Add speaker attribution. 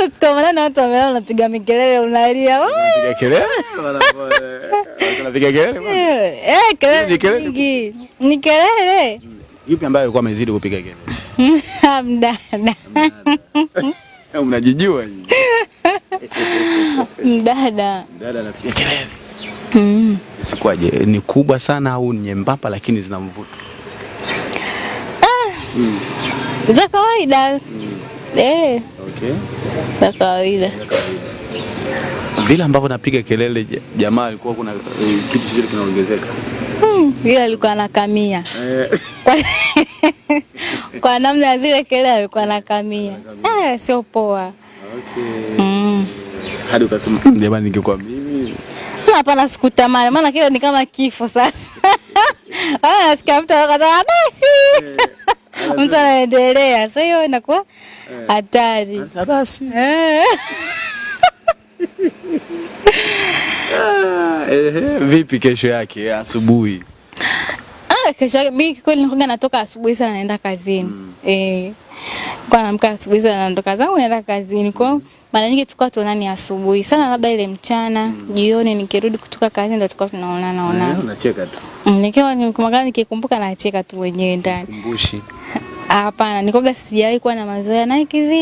Speaker 1: sasa tusikamana na watu wameona unapiga mikelele, unalia, Unapiga kelele nyingi, ni kelele.
Speaker 2: Yupi ambaye alikuwa amezidi kupiga
Speaker 1: kelele? Mdada.
Speaker 2: Mnajijua nyinyi.
Speaker 1: Mdada.
Speaker 2: Mdada anapiga kelele. Mm. Sikwaje, ni kubwa sana au ni nyembamba lakini zina mvuto?
Speaker 1: Ah. Mm. Za kawaida. Mm. Eh
Speaker 2: okay.
Speaker 1: ya kawaida
Speaker 2: vile ambavyo napiga kelele jamaa alikuwa kuna eh, kitu chochote kinaongezeka?
Speaker 1: Hmm, yule alikuwa anakamia
Speaker 2: eh. kwa,
Speaker 1: kwa namna ya zile kelele alikuwa anakamia, eh, sio poa.
Speaker 2: Okay. Mm. Hadi ukasema jamani, ningekuwa mimi
Speaker 1: hapana, sikutamani maana kile ni kama kifo sasa. Ah, nasikia mtu akasema basi eh mtu anaendelea, sasa hiyo inakuwa eh. hatari. Basi eh.
Speaker 2: vipi kesho yake asubuhi?
Speaker 1: Ah, kesho yake mimi kweli nilikuwa natoka asubuhi sana naenda kazini mm. Eh, kwa namka asubuhi sana naondoka zangu naenda kazini kwao mm. mara nyingi tulikuwa tuonani asubuhi sana, labda ile mchana mm. jioni nikirudi kutoka kazi ndo tulikuwa tunaonana
Speaker 2: eh, unacheka tu
Speaker 1: mm, nikiwa nikikumbuka, nikikumbuka nacheka tu wenyewe ndani Hapana, nikoga sijawahi kuwa na mazoea naye kivile.